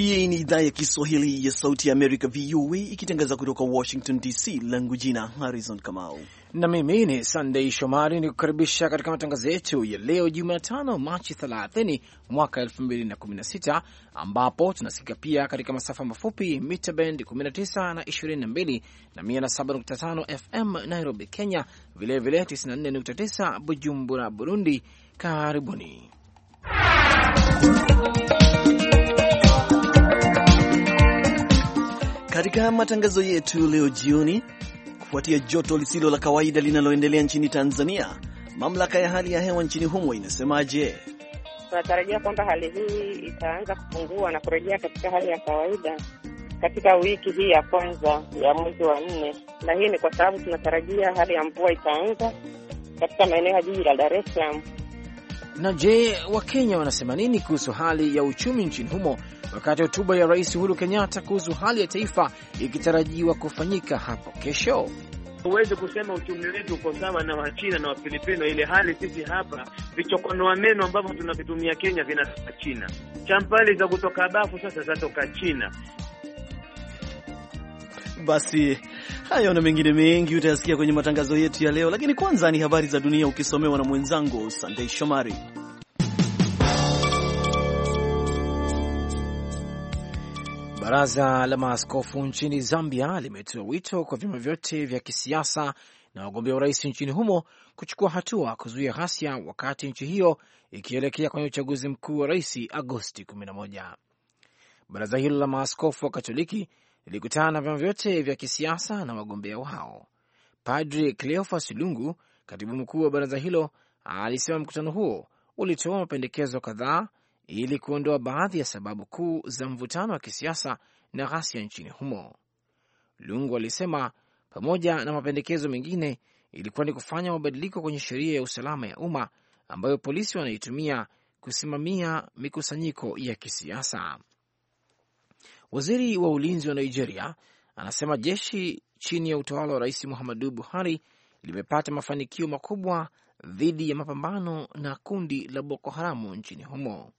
Hii ni idhaa ya Kiswahili ya Sauti ya Amerika, VOA, ikitangaza kutoka Washington DC. Langu jina Harrison Kamau na mimi ni Sandei Shomari, ni kukaribisha katika matangazo yetu ya leo Jumatano, Machi 30 mwaka 2016, ambapo tunasikika pia katika masafa mafupi mita bend 19 na 22 na 107.5 FM Nairobi, Kenya, vilevile 94.9 Bujumbura, Burundi. Karibuni Katika matangazo yetu leo jioni, kufuatia joto lisilo la kawaida linaloendelea nchini Tanzania, mamlaka ya hali ya hewa nchini humo inasemaje? Tunatarajia kwamba hali hii itaanza kupungua na kurejea katika hali ya kawaida katika wiki hii ya kwanza ya mwezi wa nne, na hii ni kwa sababu tunatarajia hali ya mvua itaanza katika maeneo ya jiji la Dar es Salaam. Na je, Wakenya wanasema nini kuhusu hali ya uchumi nchini humo wakati hotuba ya Rais Uhuru Kenyatta kuhusu hali ya taifa ikitarajiwa kufanyika hapo kesho. Huwezi kusema uchumi wetu uko sawa na Wachina na Wafilipino, ile hali sisi hapa vichokonoa meno ambavyo tunavitumia Kenya vinatoka China. Champali za kutoka bafu sasa zatoka China. Basi hayo na mengine mengi utayasikia kwenye matangazo yetu ya leo, lakini kwanza ni habari za dunia ukisomewa na mwenzangu Sandei Shomari. Baraza la maaskofu nchini Zambia limetoa wito kwa vyama vyote vya kisiasa na wagombea urais nchini humo kuchukua hatua kuzuia ghasia wakati nchi hiyo ikielekea kwenye uchaguzi mkuu wa rais Agosti 11. Baraza hilo la maaskofu wa Katoliki lilikutana na vyama vyote vya kisiasa na wagombea wao. Padri Cleofas Lungu, katibu mkuu wa baraza hilo, alisema mkutano huo ulitoa mapendekezo kadhaa ili kuondoa baadhi ya sababu kuu za mvutano wa kisiasa na ghasia nchini humo. Lungu alisema pamoja na mapendekezo mengine ilikuwa ni kufanya mabadiliko kwenye sheria ya usalama ya umma ambayo polisi wanaitumia kusimamia mikusanyiko ya kisiasa. Waziri wa ulinzi wa Nigeria anasema jeshi chini ya utawala wa Rais Muhammadu Buhari limepata mafanikio makubwa dhidi ya mapambano na kundi la Boko Haramu nchini humo.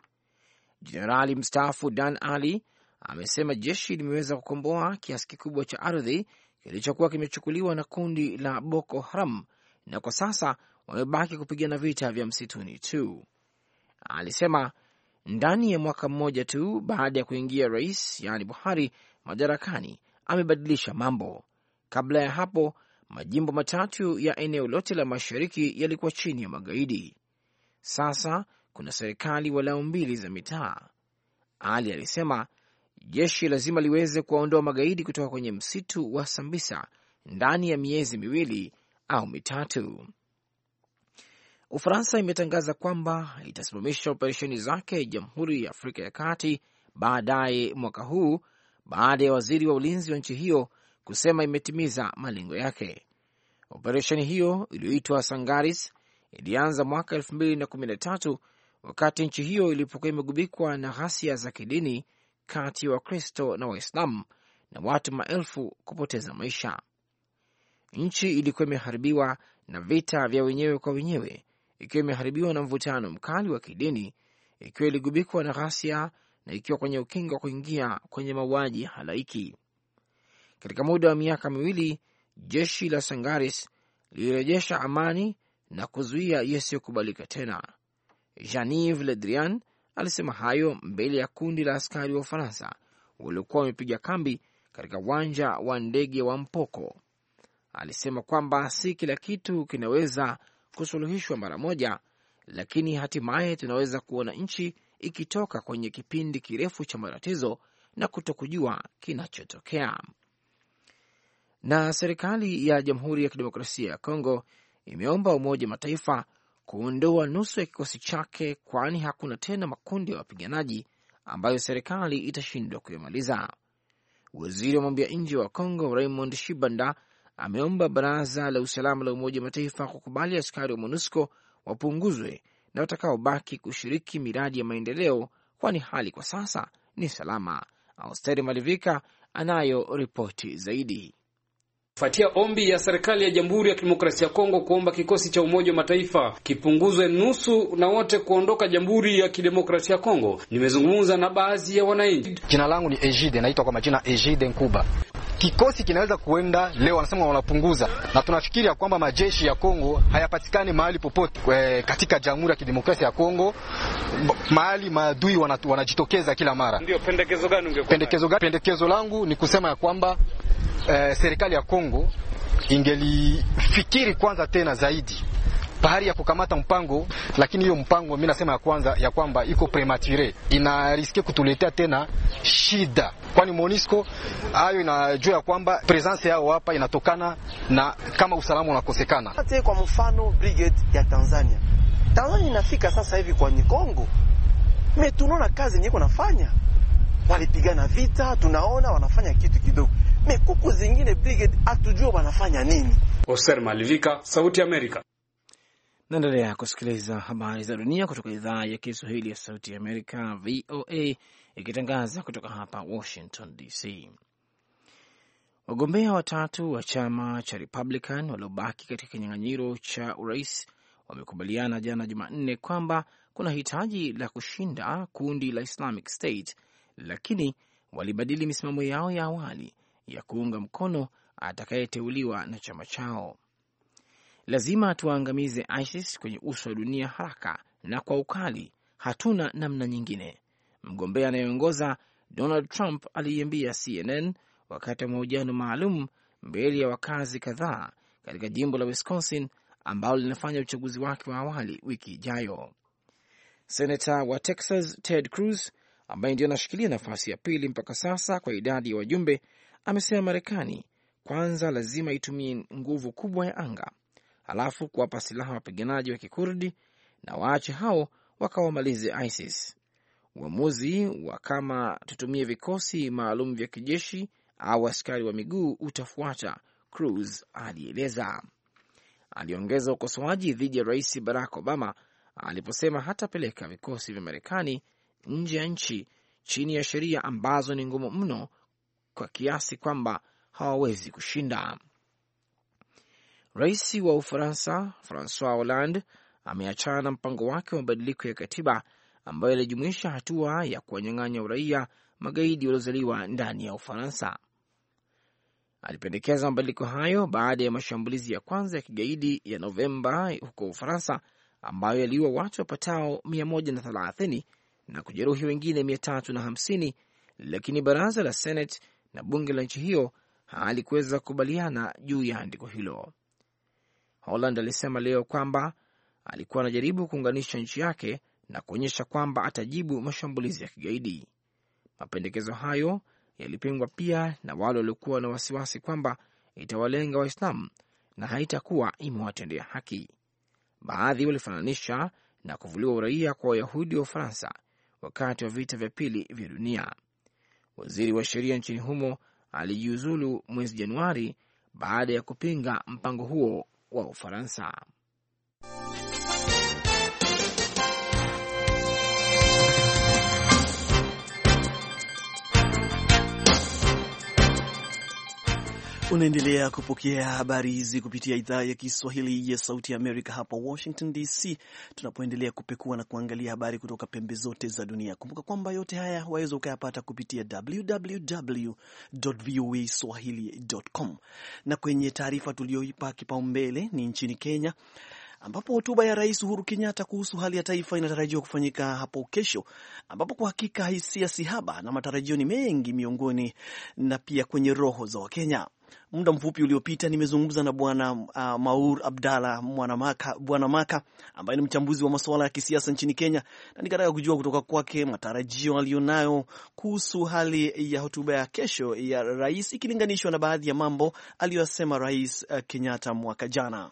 Jenerali mstaafu Dan Ali amesema jeshi limeweza kukomboa kiasi kikubwa cha ardhi kilichokuwa kimechukuliwa na kundi la Boko Haram na kwa sasa wamebaki kupigana vita vya msituni tu. Alisema ndani ya mwaka mmoja tu baada ya kuingia rais, yaani Buhari, madarakani amebadilisha mambo. Kabla ya hapo majimbo matatu ya eneo lote la mashariki yalikuwa chini ya magaidi. Sasa kuna serikali walau mbili za mitaa. Ali alisema jeshi lazima liweze kuwaondoa magaidi kutoka kwenye msitu wa Sambisa ndani ya miezi miwili au mitatu. Ufaransa imetangaza kwamba itasimamisha operesheni zake Jamhuri ya Afrika ya Kati baadaye mwaka huu baada ya waziri wa ulinzi wa nchi hiyo kusema imetimiza malengo yake. Operesheni hiyo iliyoitwa Sangaris ilianza mwaka elfu mbili na kumi na tatu wakati nchi hiyo ilipokuwa imegubikwa na ghasia za kidini kati ya Wakristo na Waislamu na watu maelfu kupoteza maisha. Nchi ilikuwa imeharibiwa na vita vya wenyewe kwa wenyewe, ikiwa imeharibiwa na mvutano mkali wa kidini, ikiwa iligubikwa na ghasia na ikiwa kwenye ukingo wa kuingia kwenye mauaji halaiki. Katika muda wa miaka miwili, jeshi la Sangaris lilirejesha amani na kuzuia yasiyokubalika tena. Janive Le Drian alisema hayo mbele ya kundi la askari wa Ufaransa waliokuwa wamepiga kambi katika uwanja wa ndege wa Mpoko. Alisema kwamba si kila kitu kinaweza kusuluhishwa mara moja, lakini hatimaye tunaweza kuona nchi ikitoka kwenye kipindi kirefu cha matatizo na kutokujua kinachotokea. Na serikali ya Jamhuri ya Kidemokrasia ya Kongo imeomba Umoja Mataifa kuondoa nusu ya kikosi chake, kwani hakuna tena makundi ya wapiganaji ambayo serikali itashindwa kuyamaliza. Waziri wa mambo ya nje wa Congo Raymond Shibanda ameomba baraza la usalama la Umoja wa Mataifa kukubali askari wa MONUSCO wapunguzwe na watakaobaki kushiriki miradi ya maendeleo, kwani hali kwa sasa ni salama. Austeri Malivika anayo ripoti zaidi kufuatia ombi ya serikali ya Jamhuri ya Kidemokrasia ya Kongo kuomba kikosi cha Umoja wa Mataifa kipunguzwe nusu na wote kuondoka Jamhuri ya Kidemokrasia ya Kongo. Nimezungumza na baadhi ya wananchi. Jina langu ni Ejide, naitwa kwa majina Ejide Nkuba. Kikosi kinaweza kuenda leo, wanasema wanapunguza, na tunafikiri ya kwamba majeshi ya Kongo hayapatikani mahali popote e, katika Jamhuri ya Kidemokrasia ya Kongo, mahali maadui wanajitokeza kila mara. Ndio pendekezo gani ungekuwa? Pendekezo gani? Pendekezo langu ni kusema ya kwamba eh, serikali ya Kongo ingelifikiri kwanza tena zaidi bahari ya kukamata mpango, lakini hiyo mpango mimi nasema ya kwanza ya kwamba iko premature, inariske kutuletea tena shida, kwani Monisco hayo inajua ya kwamba presence yao hapa inatokana na kama usalama unakosekana. Kwa mfano brigade ya Tanzania, Tanzania inafika sasa hivi kwa Nyikongo, mimi tunaona kazi yenyewe nafanya, walipigana vita, tunaona wanafanya kitu kidogo me kuku zingine brigade hatujua wanafanya nini. Oser Malivika, Sauti Amerika. Naendelea kusikiliza habari za dunia kutoka idhaa ya Kiswahili ya Sauti ya Amerika, VOA, ikitangaza kutoka hapa Washington DC. Wagombea watatu wa chama cha Republican waliobaki katika kinyang'anyiro cha urais wamekubaliana jana Jumanne kwamba kuna hitaji la kushinda kundi la Islamic State, lakini walibadili misimamo yao ya awali ya kuunga mkono atakayeteuliwa na chama chao. Lazima tuwaangamize ISIS kwenye uso wa dunia haraka na kwa ukali, hatuna namna nyingine, mgombea anayeongoza Donald Trump aliiambia CNN wakati wa mahojiano maalum mbele ya wakazi kadhaa katika jimbo la Wisconsin ambalo linafanya uchaguzi wake wa awali wiki ijayo. Senata wa Texas Ted Cruz ambaye ndio anashikilia nafasi ya pili mpaka sasa kwa idadi ya wajumbe amesema Marekani kwanza lazima itumie nguvu kubwa ya anga, halafu kuwapa silaha wapiganaji wa kikurdi na waache hao wakawamalize ISIS. Uamuzi wa kama tutumie vikosi maalum vya kijeshi au askari wa miguu utafuata, Cruz alieleza. Aliongeza ukosoaji dhidi ya Rais Barack Obama aliposema hatapeleka vikosi vya Marekani nje ya nchi chini ya sheria ambazo ni ngumu mno kwa kiasi kwamba hawawezi kushinda. Rais wa Ufaransa Francois Hollande ameachana na mpango wake wa mabadiliko ya katiba ambayo ilijumuisha hatua ya kuwanyang'anya uraia magaidi waliozaliwa ndani ya Ufaransa. Alipendekeza mabadiliko hayo baada ya mashambulizi ya kwanza ya kigaidi ya Novemba huko Ufaransa ambayo yaliua watu wapatao 130 na kujeruhi wengine 350, lakini baraza la Senate na bunge la nchi hiyo halikuweza kukubaliana juu ya andiko hilo. Holland alisema leo kwamba alikuwa anajaribu kuunganisha nchi yake na kuonyesha kwamba atajibu mashambulizi ya kigaidi. Mapendekezo hayo yalipingwa pia na wale waliokuwa na wasiwasi kwamba itawalenga Waislamu na haitakuwa imewatendea haki. Baadhi walifananisha na kuvuliwa uraia kwa Wayahudi wa Ufaransa wakati wa vita vya pili vya dunia. Waziri wa sheria nchini humo alijiuzulu mwezi Januari baada ya kupinga mpango huo wa Ufaransa. Unaendelea kupokea habari hizi kupitia idhaa ya Kiswahili ya Sauti ya Amerika hapa Washington DC, tunapoendelea kupekua na kuangalia habari kutoka pembe zote za dunia. Kumbuka kwamba yote haya waweza ukayapata kupitia swahilicom na kwenye taarifa tuliyoipa kipaumbele ni nchini Kenya ambapo hotuba ya Rais Uhuru Kenyatta kuhusu hali ya taifa inatarajiwa kufanyika hapo kesho, ambapo kwa hakika hisia si haba na matarajio ni mengi miongoni na pia kwenye roho za Wakenya. Muda mfupi uliopita nimezungumza na bwana uh, Maur Abdalla Mwanamaka, bwana Maka ambaye ni mchambuzi wa masuala ya kisiasa nchini Kenya, na nikataka kujua kutoka kwake matarajio aliyonayo kuhusu hali ya hotuba ya kesho ya rais ikilinganishwa na baadhi ya mambo aliyosema Rais uh, Kenyatta mwaka jana.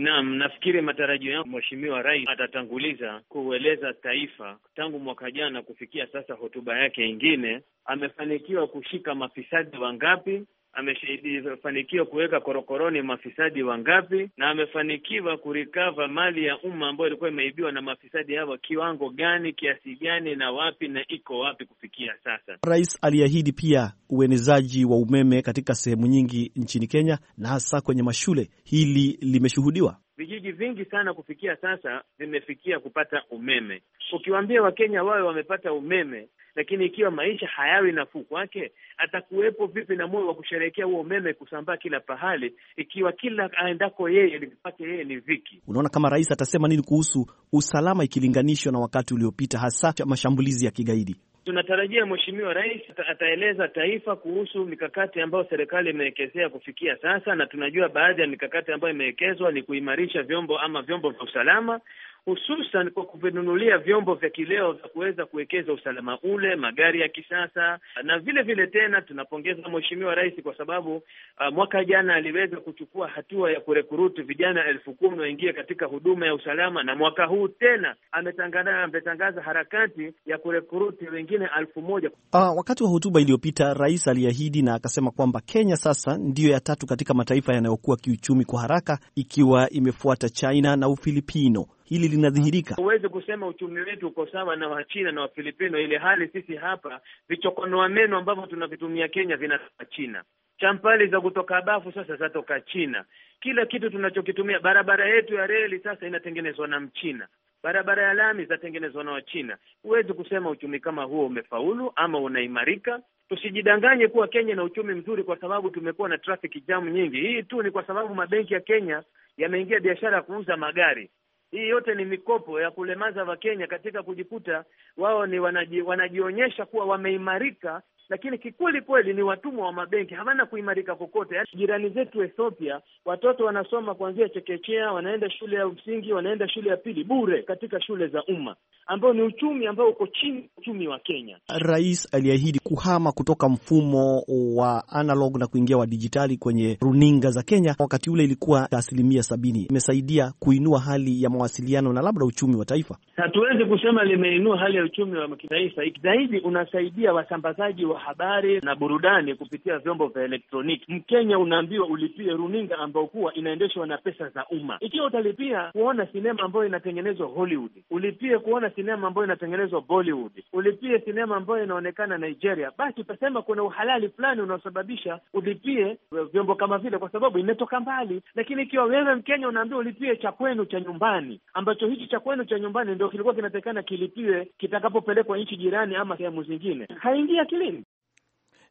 Naam, nafikiri matarajio yangu Mheshimiwa Rais atatanguliza kueleza taifa. Tangu mwaka jana kufikia sasa, hotuba yake ingine, amefanikiwa kushika mafisadi wangapi? amefanikiwa kuweka korokoroni mafisadi wangapi, na amefanikiwa kurikava mali ya umma ambayo ilikuwa imeibiwa na mafisadi hawa, kiwango gani, kiasi gani, na wapi na iko wapi kufikia sasa. Rais aliahidi pia uenezaji wa umeme katika sehemu nyingi nchini Kenya na hasa kwenye mashule. Hili limeshuhudiwa vijiji vingi sana kufikia sasa vimefikia kupata umeme. Ukiwaambia Wakenya wawe wamepata umeme, lakini ikiwa maisha hayawi nafuu kwake, atakuwepo vipi na moyo wa kusherehekea huo umeme kusambaa kila pahali, ikiwa kila aendako yeye lipake yeye ni viki? Unaona, kama rais atasema nini kuhusu usalama ikilinganishwa na wakati uliopita, hasa mashambulizi ya kigaidi? Tunatarajia Mheshimiwa Rais ataeleza taifa kuhusu mikakati ambayo serikali imewekezea kufikia sasa, na tunajua baadhi ya mikakati ambayo imewekezwa ni kuimarisha vyombo ama vyombo vya usalama, hususan kwa kuvinunulia vyombo vya kileo vya kuweza kuwekeza usalama ule, magari ya kisasa na vile vile. Tena tunapongeza Mheshimiwa Rais kwa sababu uh, mwaka jana aliweza kuchukua hatua ya kurekuruti vijana elfu kumi waingie katika huduma ya usalama, na mwaka huu tena ametangaza ametangaza harakati ya kurekuruti wengine elfu moja. Uh, wakati wa hotuba iliyopita Rais aliahidi na akasema kwamba Kenya sasa ndiyo ya tatu katika mataifa yanayokuwa kiuchumi kwa haraka ikiwa imefuata China na Ufilipino hili linadhihirika. Huwezi kusema uchumi wetu uko sawa na Wachina na Wafilipino, ile hali sisi hapa vichokonoa meno ambavyo tunavitumia Kenya vinatoka China, champali za kutoka bafu sasa zatoka China, kila kitu tunachokitumia. Barabara yetu ya reli sasa inatengenezwa na Mchina, barabara ya lami zatengenezwa na Wachina. Huwezi kusema uchumi kama huo umefaulu ama unaimarika. Tusijidanganye kuwa Kenya na uchumi mzuri kwa sababu tumekuwa na traffic jam nyingi. Hii tu ni kwa sababu mabenki ya Kenya yameingia biashara ya kuuza magari. Hii yote ni mikopo ya kulemaza Wakenya katika kujikuta wao ni wanaji, wanajionyesha kuwa wameimarika lakini kikweli kweli ni watumwa wa mabenki, hawana kuimarika kokote. Yaani jirani zetu Ethiopia, watoto wanasoma kuanzia chekechea, wanaenda shule ya msingi, wanaenda shule ya pili bure katika shule za umma, ambao ni uchumi ambao uko chini uchumi wa Kenya. Rais aliahidi kuhama kutoka mfumo wa analog na kuingia wa dijitali kwenye runinga za Kenya. Wakati ule ilikuwa asilimia sabini. Imesaidia kuinua hali ya mawasiliano na labda uchumi wa taifa. Hatuwezi kusema limeinua hali ya uchumi wa kitaifa zaidi, unasaidia wasambazaji wa habari na burudani kupitia vyombo vya elektroniki. Mkenya unaambiwa ulipie runinga ambayo kuwa inaendeshwa na pesa za umma. Ikiwa utalipia kuona sinema ambayo inatengenezwa Hollywood, ulipie kuona sinema ambayo inatengenezwa Bollywood, ulipie sinema ambayo inaonekana Nigeria, basi utasema kuna uhalali fulani unaosababisha ulipie vyombo kama vile, kwa sababu imetoka mbali. Lakini ikiwa wewe Mkenya unaambiwa ulipie cha kwenu cha nyumbani, ambacho hichi cha kwenu cha nyumbani ndio kilikuwa kinatakikana kilipiwe kitakapopelekwa nchi jirani ama sehemu zingine, haingia akilini.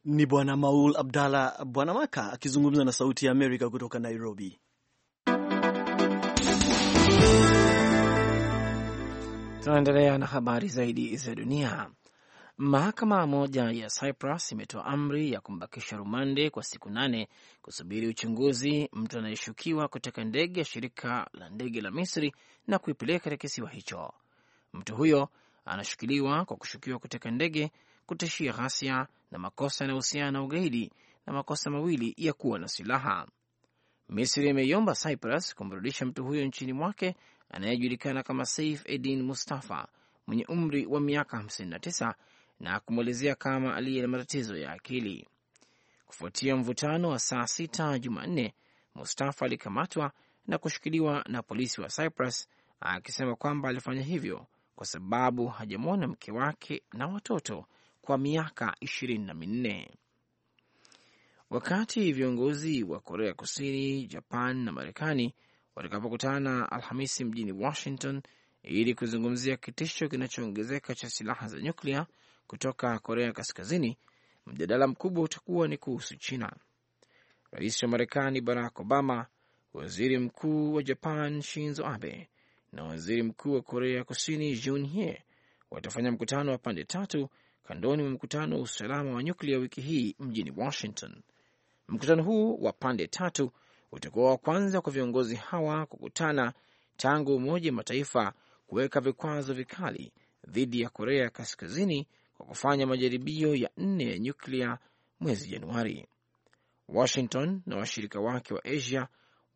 Ni Bwana Maul Abdallah Bwana Maka akizungumza na Sauti ya Amerika kutoka Nairobi. Tunaendelea na habari zaidi za dunia. Mahakama moja ya Cyprus imetoa amri ya kumbakisha rumande kwa siku nane kusubiri uchunguzi mtu anayeshukiwa kuteka ndege ya shirika la ndege la Misri na kuipeleka katika kisiwa hicho. Mtu huyo anashikiliwa kwa kushukiwa kuteka ndege, kutishia ghasia na makosa yanayohusiana na ugaidi na makosa mawili ya kuwa na silaha. Misri imeiomba Cyprus kumrudisha mtu huyo nchini mwake anayejulikana kama Saif Edin Mustafa mwenye umri wa miaka 59 na kumwelezea kama aliye na matatizo ya akili. Kufuatia mvutano wa saa sita Jumanne, Mustafa alikamatwa na kushikiliwa na polisi wa Cyprus akisema kwamba alifanya hivyo kwa sababu hajamwona mke wake na watoto kwa miaka ishirini na minne. Wakati viongozi wa Korea Kusini, Japan na Marekani watakapokutana Alhamisi mjini Washington ili kuzungumzia kitisho kinachoongezeka cha silaha za nyuklia kutoka Korea Kaskazini, mjadala mkubwa utakuwa ni kuhusu China. Rais wa Marekani Barack Obama, waziri mkuu wa Japan Shinzo Abe na waziri mkuu wa Korea Kusini Jun Hye watafanya mkutano wa pande tatu kandoni mwa mkutano wa usalama wa nyuklia wiki hii mjini Washington. Mkutano huu wa pande tatu utakuwa wa kwanza kwa viongozi hawa kukutana tangu Umoja Mataifa kuweka vikwazo vikali dhidi ya Korea Kaskazini kwa kufanya majaribio ya nne ya nyuklia mwezi Januari. Washington na washirika wake wa Asia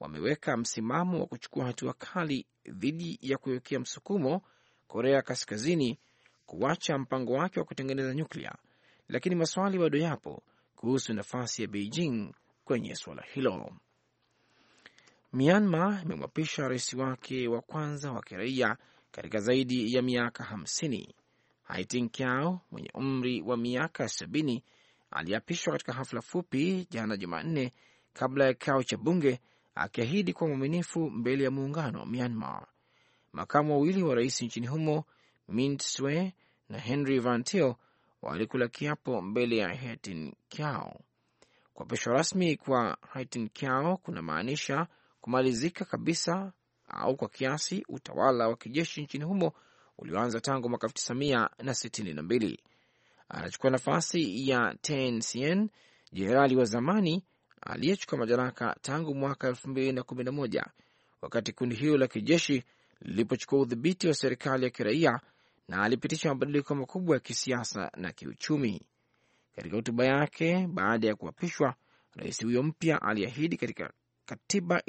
wameweka msimamo wa kuchukua hatua kali dhidi ya kuwekea msukumo Korea Kaskazini kuacha mpango wake wa kutengeneza nyuklia, lakini maswali bado yapo kuhusu nafasi ya Beijing kwenye suala hilo. Myanmar imemwapisha rais wake wa kwanza wa kiraia katika zaidi ya miaka hamsini. Haitin Kyaw mwenye umri wa miaka sabini aliapishwa katika hafla fupi jana Jumanne kabla ya kikao cha bunge akiahidi kuwa mwaminifu mbele ya muungano wa Myanmar. Makamu wawili wa rais nchini humo Mint Swe na Henry Van Til walikula kiapo mbele ya Hetin kiao Kuapishwa rasmi kwa Hetin kiao kuna maanisha kumalizika kabisa au kwa kiasi utawala wa kijeshi nchini humo ulioanza tangu mwaka 1962. Anachukua nafasi ya Ten Sien, jenerali wa zamani aliyechukua madaraka tangu mwaka 2011 wakati kundi hilo la kijeshi lilipochukua udhibiti wa serikali ya kiraia na alipitisha mabadiliko makubwa ya kisiasa na kiuchumi. Katika hotuba yake baada ya kuapishwa, rais huyo mpya aliahidi katika katiba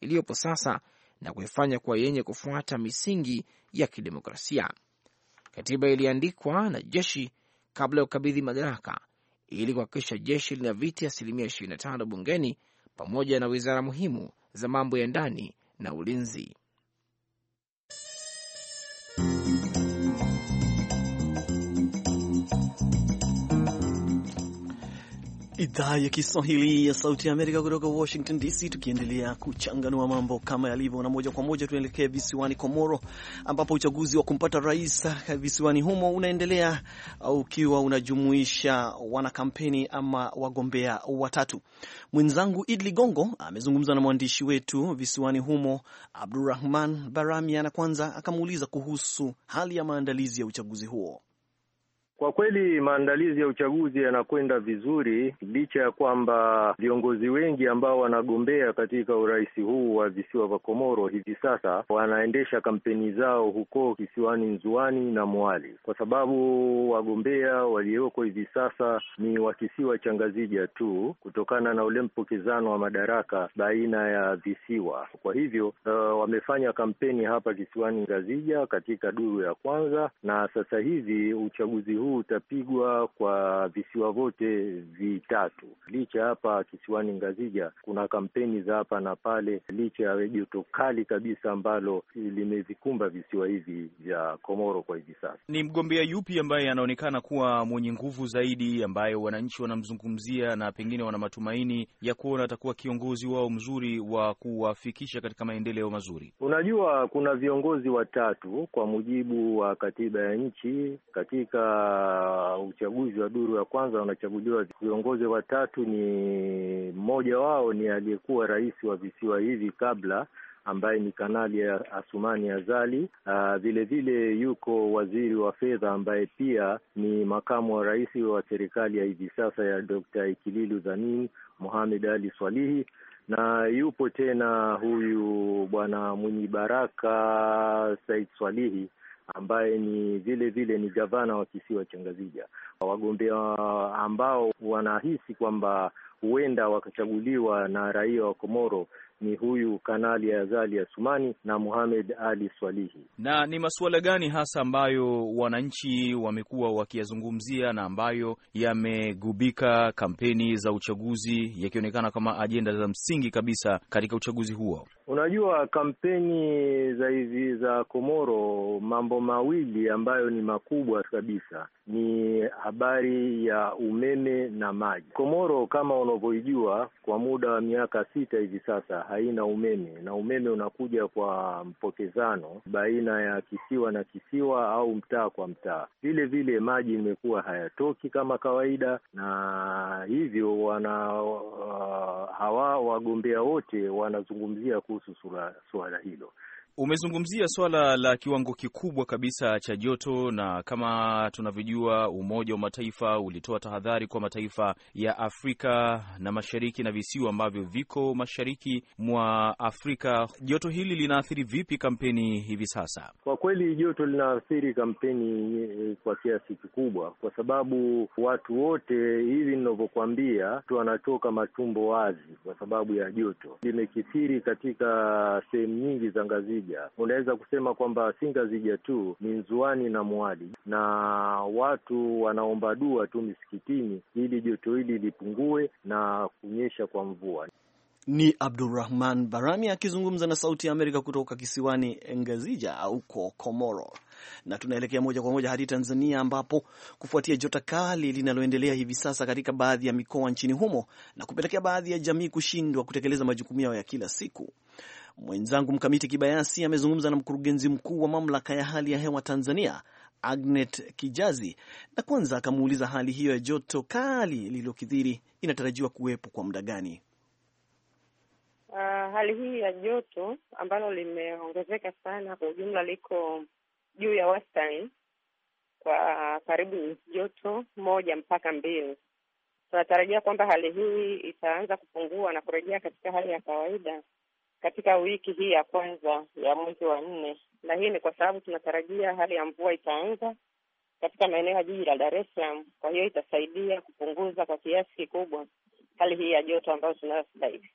iliyopo sasa na kuifanya kuwa yenye kufuata misingi ya kidemokrasia. Katiba iliandikwa na jeshi kabla ya kukabidhi madaraka ili kuhakikisha jeshi lina viti asilimia 25 bungeni pamoja na wizara muhimu za mambo ya ndani na ulinzi. Idhaa ya Kiswahili ya Sauti ya Amerika kutoka Washington DC, tukiendelea kuchanganua mambo kama yalivyo, na moja kwa moja tunaelekee visiwani Komoro, ambapo uchaguzi wa kumpata rais visiwani humo unaendelea ukiwa unajumuisha wanakampeni ama wagombea watatu. Mwenzangu Idli Gongo amezungumza na mwandishi wetu visiwani humo Abdurahman Baramia, na kwanza akamuuliza kuhusu hali ya maandalizi ya uchaguzi huo. Kwa kweli maandalizi ya uchaguzi yanakwenda vizuri, licha ya kwamba viongozi wengi ambao wanagombea katika urais huu wa visiwa vya Komoro hivi sasa wanaendesha kampeni zao huko kisiwani Nzuani na Mwali, kwa sababu wagombea walioko hivi sasa ni wa kisiwa cha Ngazija tu, kutokana na ule mpokezano wa madaraka baina ya visiwa. Kwa hivyo uh, wamefanya kampeni hapa kisiwani Ngazija katika duru ya kwanza, na sasa hivi uchaguzi huu huu utapigwa kwa visiwa vyote vitatu. Licha hapa kisiwani Ngazija kuna kampeni za hapa na pale, licha ya joto kali kabisa ambalo limevikumba visiwa hivi vya Komoro kwa hivi sasa. Ni mgombea yupi ambaye anaonekana kuwa mwenye nguvu zaidi, ambaye wananchi wanamzungumzia na pengine wana matumaini ya kuona atakuwa kiongozi wao mzuri wa kuwafikisha katika maendeleo mazuri? Unajua, kuna viongozi watatu kwa mujibu wa katiba ya nchi katika Uh, uchaguzi wa duru ya kwanza wanachaguliwa viongozi watatu. Ni mmoja wao ni aliyekuwa rais wa visiwa hivi kabla ambaye ni Kanali ya Asumani Azali. Vilevile uh, vile yuko waziri wa fedha ambaye pia ni makamu wa rais wa serikali ya hivi sasa ya Dr. Ikililu Zanin Mohamed Ali Swalihi, na yupo tena huyu bwana Mwinyi Baraka Said Swalihi ambaye ni vile vile ni gavana wa kisiwa cha Ngazija. Wagombea ambao wanahisi kwamba huenda wakachaguliwa na raia wa Komoro ni huyu Kanali Azali Asumani na Muhamed Ali Swalihi. Na ni masuala gani hasa ambayo wananchi wamekuwa wakiyazungumzia na ambayo yamegubika kampeni za uchaguzi yakionekana kama ajenda za msingi kabisa katika uchaguzi huo? Unajua, kampeni za hizi za Komoro, mambo mawili ambayo ni makubwa kabisa ni habari ya umeme na maji. Komoro kama unavyoijua, kwa muda wa miaka sita hivi sasa haina umeme, na umeme unakuja kwa mpokezano baina ya kisiwa na kisiwa au mtaa kwa mtaa. Vile vile maji imekuwa hayatoki kama kawaida, na hivyo wana uh, hawa wagombea wote wanazungumzia kuhusu suala hilo. Umezungumzia swala la kiwango kikubwa kabisa cha joto, na kama tunavyojua, Umoja wa Mataifa ulitoa tahadhari kwa mataifa ya Afrika na mashariki na visiwa ambavyo viko mashariki mwa Afrika. Joto hili linaathiri vipi kampeni hivi sasa? Kwa kweli, joto linaathiri kampeni eh, kwa kiasi kikubwa, kwa sababu watu wote hivi ninavyokuambia tu wanatoka matumbo wazi kwa sababu ya joto, limekithiri katika sehemu nyingi za ngazidi hazija, unaweza kusema kwamba si Ngazija tu, ni Nzuani na Mwali, na watu wanaomba dua tu misikitini ili joto hili lipungue na kunyesha kwa mvua. Ni Abdurrahman Barami akizungumza na Sauti ya Amerika kutoka kisiwani Ngazija huko Komoro. Na tunaelekea moja kwa moja hadi Tanzania, ambapo kufuatia joto kali linaloendelea hivi sasa katika baadhi ya mikoa nchini humo na kupelekea baadhi ya jamii kushindwa kutekeleza majukumu yao ya kila siku, Mwenzangu Mkamiti Kibayasi amezungumza na mkurugenzi mkuu wa mamlaka ya hali ya hewa Tanzania, Agnet Kijazi, na kwanza akamuuliza hali hiyo ya joto kali lililokithiri inatarajiwa kuwepo kwa muda gani? Uh, hali hii ya joto ambalo limeongezeka sana kwa ujumla liko juu ya wastani kwa karibu joto moja mpaka mbili. Tunatarajia kwamba hali hii itaanza kupungua na kurejea katika hali ya kawaida katika wiki hii ya kwanza ya mwezi wa nne, na hii ni kwa sababu tunatarajia hali ya mvua itaanza katika maeneo ya jiji la Dar es Salaam. Kwa hiyo itasaidia kupunguza kwa kiasi kikubwa hali hii ya joto ambayo tunayo sasa hivi.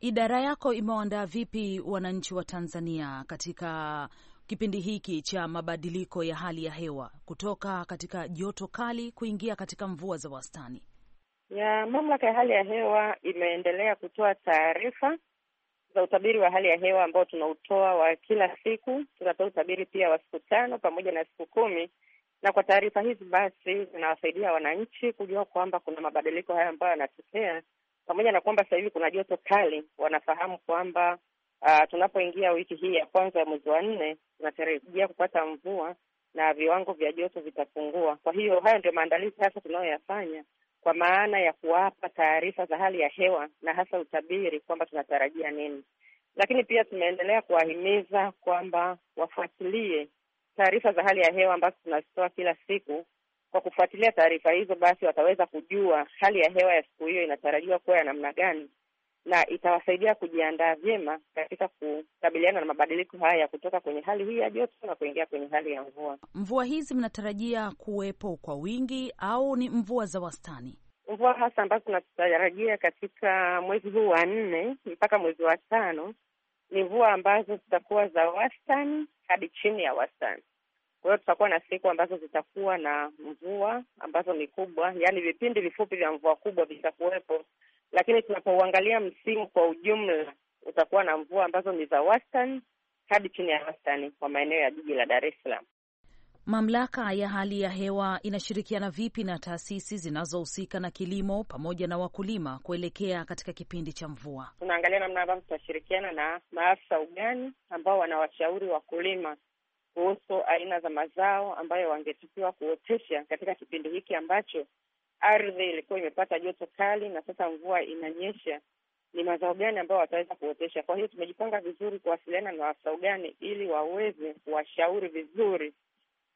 Idara yako imewaandaa vipi wananchi wa Tanzania katika kipindi hiki cha mabadiliko ya hali ya hewa kutoka katika joto kali kuingia katika mvua za wastani? ya Mamlaka ya hali ya hewa imeendelea kutoa taarifa za utabiri wa hali ya hewa ambao tunautoa wa kila siku. Tunatoa utabiri pia wa siku tano pamoja na siku kumi, na kwa taarifa hizi basi zinawasaidia wananchi kujua kwamba kuna mabadiliko haya ambayo yanatokea, pamoja na kwamba sasa hivi kuna joto kali. Wanafahamu kwamba uh, tunapoingia wiki hii ya kwanza ya mwezi wa nne tunatarajia kupata mvua na viwango vya joto vitapungua. Kwa hiyo hayo ndio maandalizi hasa tunayoyafanya kwa maana ya kuwapa taarifa za hali ya hewa na hasa utabiri kwamba tunatarajia nini. Lakini pia tumeendelea kuwahimiza kwamba wafuatilie taarifa za hali ya hewa ambazo tunazitoa kila siku. Kwa kufuatilia taarifa hizo, basi wataweza kujua hali ya hewa ya siku hiyo inatarajiwa kuwa ya namna gani, na itawasaidia kujiandaa vyema katika kukabiliana na mabadiliko haya ya kutoka kwenye hali hii ya joto na kuingia kwenye hali ya mvua. Mvua hizi mnatarajia kuwepo kwa wingi au ni mvua za wastani? Mvua hasa ambazo tunatarajia katika mwezi huu wa nne mpaka mwezi wa tano ni mvua ambazo zitakuwa za wastani hadi chini ya wastani. Kwa hiyo tutakuwa na siku ambazo zitakuwa na mvua ambazo ni kubwa, yaani vipindi vifupi vya mvua kubwa vitakuwepo lakini tunapouangalia msimu kwa ujumla utakuwa na mvua ambazo ni za wastani hadi chini ya wastani kwa maeneo ya jiji la Dar es Salaam. Mamlaka ya hali ya hewa inashirikiana vipi na taasisi zinazohusika na kilimo pamoja na wakulima kuelekea katika kipindi cha mvua? Tunaangalia namna ambavyo tutashirikiana na maafisa ugani ambao wanawashauri wakulima kuhusu aina za mazao ambayo wangetakiwa kuotesha katika kipindi hiki ambacho ardhi ilikuwa imepata joto kali na sasa mvua inanyesha, ni mazao gani ambayo wataweza kuotesha. Kwa hiyo tumejipanga vizuri kuwasiliana na wadau gani ili waweze kuwashauri vizuri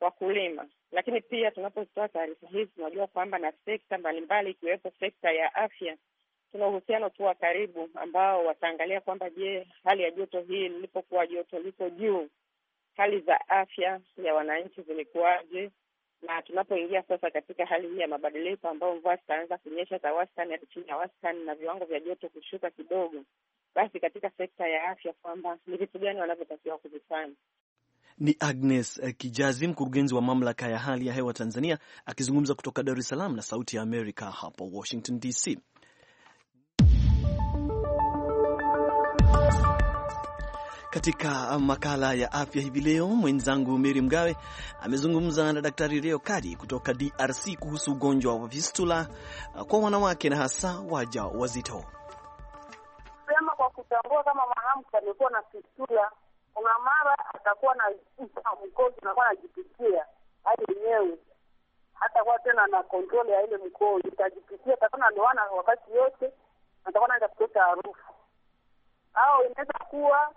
wakulima, lakini pia tunapozitoa taarifa hizi tunajua kwamba na sekta mbalimbali ikiwepo sekta ya afya tuna uhusiano tu wa karibu ambao wataangalia kwamba je, hali ya joto hii lilipokuwa joto liko juu, hali za afya ya wananchi zilikuwaje? na tunapoingia sasa katika hali hii ya mabadiliko ambayo mvua zitaanza kunyesha za wastani hadi chini ya wastani na viwango vya joto kushuka kidogo, basi katika sekta ya afya kwamba ni vitu gani wanavyotakiwa kuvifanya. Ni Agnes eh, Kijazi, mkurugenzi wa mamlaka ya hali ya hewa Tanzania, akizungumza kutoka Dar es Salaam na Sauti ya Amerika hapa Washington DC. Katika makala ya afya hivi leo, mwenzangu Meri Mgawe amezungumza na Daktari leo kadi kutoka DRC kuhusu ugonjwa wa fistula uh, kwa wanawake na hasa waja wazito. Sema kwa kutambua kama mwanamke amekuwa na fistula, kuna mara atakuwa na mkojo nakuwa anajipikia hali yenyewe hata tena na kontrole ya ile mkoo itajipikia, atakuwa ndoana wakati yote, atakuwa naenda kuleta harufu au inaweza kuwa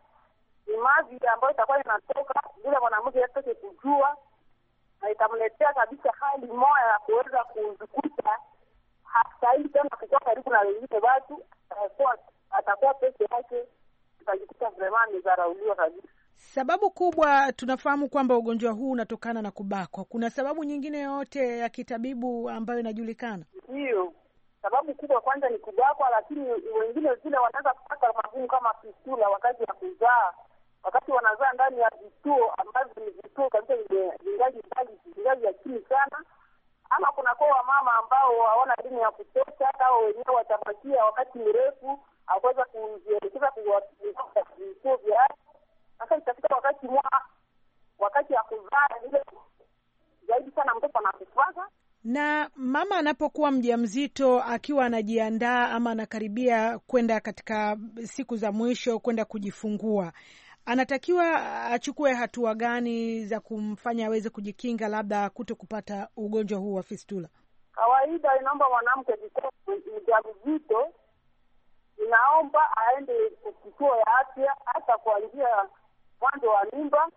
imaji ambayo itakuwa inatoka bila mwanamke yatake kujua, na itamletea kabisa hali moya ya kuweza kujikuta hastahili tena kukuwa karibu na wengine watu, atakuwa peke yake, utajikuta vrema amezarauliwa kabisa. Sababu kubwa tunafahamu kwamba ugonjwa huu unatokana na kubakwa. Kuna sababu nyingine yoyote ya kitabibu ambayo inajulikana? Ndiyo, sababu kubwa kwanza ni kubakwa, lakini wengine vile wanaweza kupata magumu kama fistula wakati ya kuzaa wakati wanazaa ndani ya vituo ambavyo ni vituo kabisa vingaji vingaji ya chini sana, ama kunakuwa wamama ambao hawana elimu ya kutosha, hata wenyewe watabakia wakati mrefu akuweza kuzielekeza vituo vya sasa. Itafika wakati mwa wakati ya kuzaa ile zaidi sana, mtoto anakufaza na mama anapokuwa mjamzito akiwa anajiandaa ama anakaribia kwenda katika siku za mwisho kwenda kujifungua, anatakiwa achukue hatua gani za kumfanya aweze kujikinga labda kuto kupata ugonjwa huu wa fistula? Kawaida inaomba mwanamke mjamzito, inaomba aende kituo ya afya, hata kuanzia mwanzo wa mimba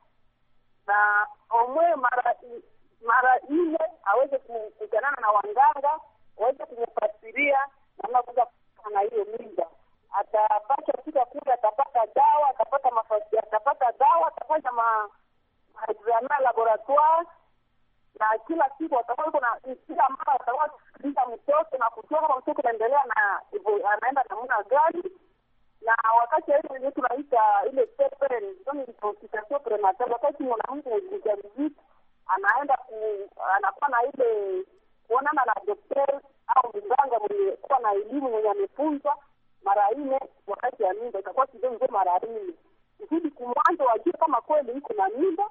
na omwe mara mara ile aweze kukutanana na wanganga waweze kumfasiria namna kuweza kupata na hiyo mimba atapata piga kura, atapata dawa, atapata mafasi, atapata dawa, atafanya ma examen laboratoire na kila siku atakuwa na kila mara atakuwa kusikiliza mtoto na kujua kama mtoto anaendelea na anaenda namna gani, na wakati ile ile tunaita ile sepen yani intoxication prenatal, wakati mwanamke mjamzito anaenda ku, anakuwa na ile kuonana na daktari au mganga mwenye kuwa na elimu mwenye amefunzwa mara nne wakati ya mimba, itakuwa kidonge mara nne ikidi kumwanzo wajue kama kweli iko na mimba,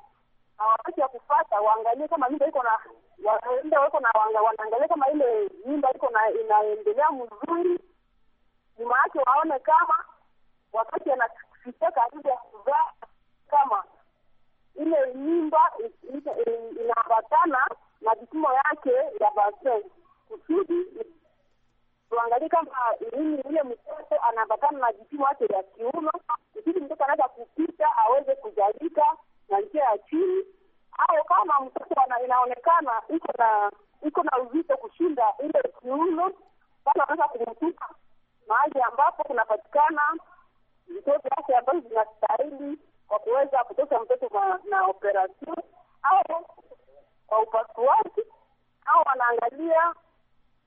na wakati ya kufata waangalie kama mimba iko na waenda wako na wanaangalia kama ile mimba iko na inaendelea mzuri. Nyuma yake waone kama wakati anafikia karibu ya kuzaa kama ile mimba inaambatana na vipimo yake ya basin kusudi tuangalie kama nini yule mtoto anaambatana na vipimo wake ya kiuno, ili mtoto anaweza kupita aweze kujalika na njia ya chini, au kama mtoto inaonekana iko na iko na uzito kushinda ile kiuno, pale anaweza kumtuka mahali ambapo kunapatikana vituo wake ambazo zinastahili kwa kuweza kutosha mtoto na operation au kwa upasuaji, au wanaangalia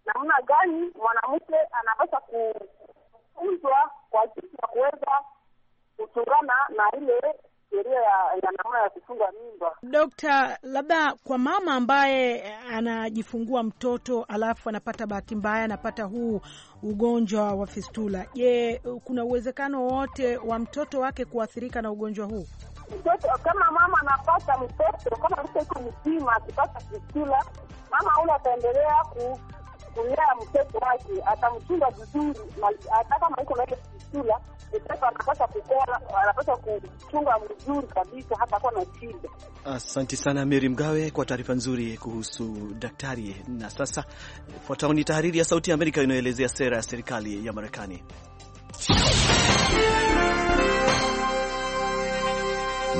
namna gani mwanamke anapaswa kufunzwa kwa jinsi ya kuweza kuchungana na ile sheria ya namna ya kufunga mimba. Dokta, labda kwa mama ambaye anajifungua mtoto alafu anapata bahati mbaya, anapata huu ugonjwa wa fistula, je, kuna uwezekano wote wa mtoto wake kuathirika na ugonjwa huu? Mtoto kama mama anapata mtoto, kama mtoto iko mzima akipata fistula, mama ule ataendelea ku kulea mtoto wake, atamchunga vizuri, hata kama iko na ile kisula, mtoto anapaswa kukola, anapaswa kuchunga mzuri kabisa, hata kuwa na shida. Asante sana Mary Mgawe kwa taarifa nzuri kuhusu daktari. Na sasa fuatao ni tahariri ya Sauti ya Amerika inayoelezea sera ya serikali ya Marekani.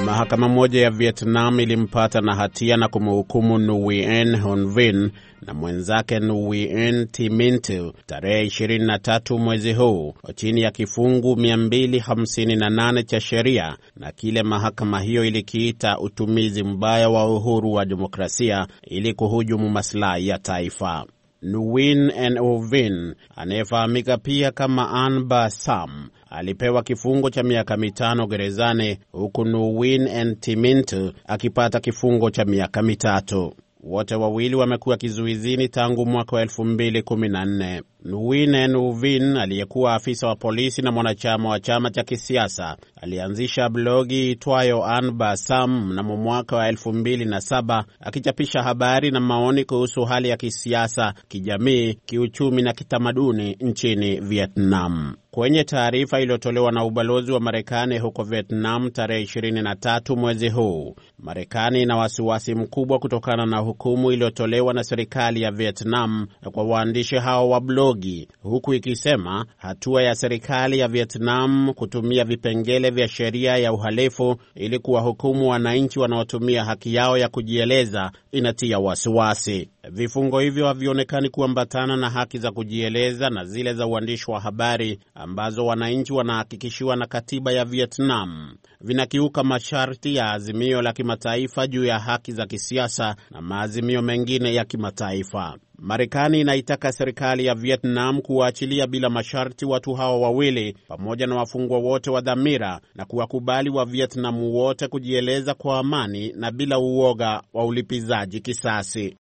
Mahakama moja ya Vietnam ilimpata na hatia na kumhukumu Nguyen Hon Vin na mwenzake Nguyen Thi Minh tarehe 23 mwezi huu chini ya kifungu 258 cha sheria na kile mahakama hiyo ilikiita utumizi mbaya wa uhuru wa demokrasia ili kuhujumu masilahi ya taifa. Nguyen Hon Vin anayefahamika pia kama anba Sam alipewa kifungo cha miaka mitano gerezani huku Nuwin timint akipata kifungo cha miaka mitatu. Wote wawili wamekuwa kizuizini tangu mwaka wa 2014. Nuwin Nuvin aliyekuwa afisa wa polisi na mwanachama wa chama cha kisiasa alianzisha blogi itwayo Anba Sam mnamo mwaka wa 2007 akichapisha habari na maoni kuhusu hali ya kisiasa, kijamii, kiuchumi na kitamaduni nchini Vietnam. Kwenye taarifa iliyotolewa na ubalozi wa Marekani huko Vietnam tarehe 23 mwezi huu, Marekani ina wasiwasi mkubwa kutokana na hukumu iliyotolewa na serikali ya Vietnam kwa waandishi hao wa blogi, huku ikisema hatua ya serikali ya Vietnam kutumia vipengele vya sheria ya uhalifu ili kuwahukumu wananchi wanaotumia haki yao ya kujieleza inatia wasiwasi. Vifungo hivyo havionekani kuambatana na haki za kujieleza na zile za uandishi wa habari ambazo wananchi wanahakikishiwa na katiba ya Vietnam. Vinakiuka masharti ya azimio la kimataifa juu ya haki za kisiasa na maazimio mengine ya kimataifa. Marekani inaitaka serikali ya Vietnam kuwaachilia bila masharti watu hao wawili pamoja na wafungwa wote wa dhamira na kuwakubali wa Vietnam wote kujieleza kwa amani na bila uoga wa ulipizaji kisasi.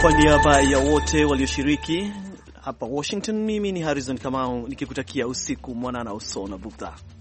Kwa niaba ya wote walioshiriki hapa Washington, mimi ni Harrison Kamau nikikutakia usiku mwanana usona na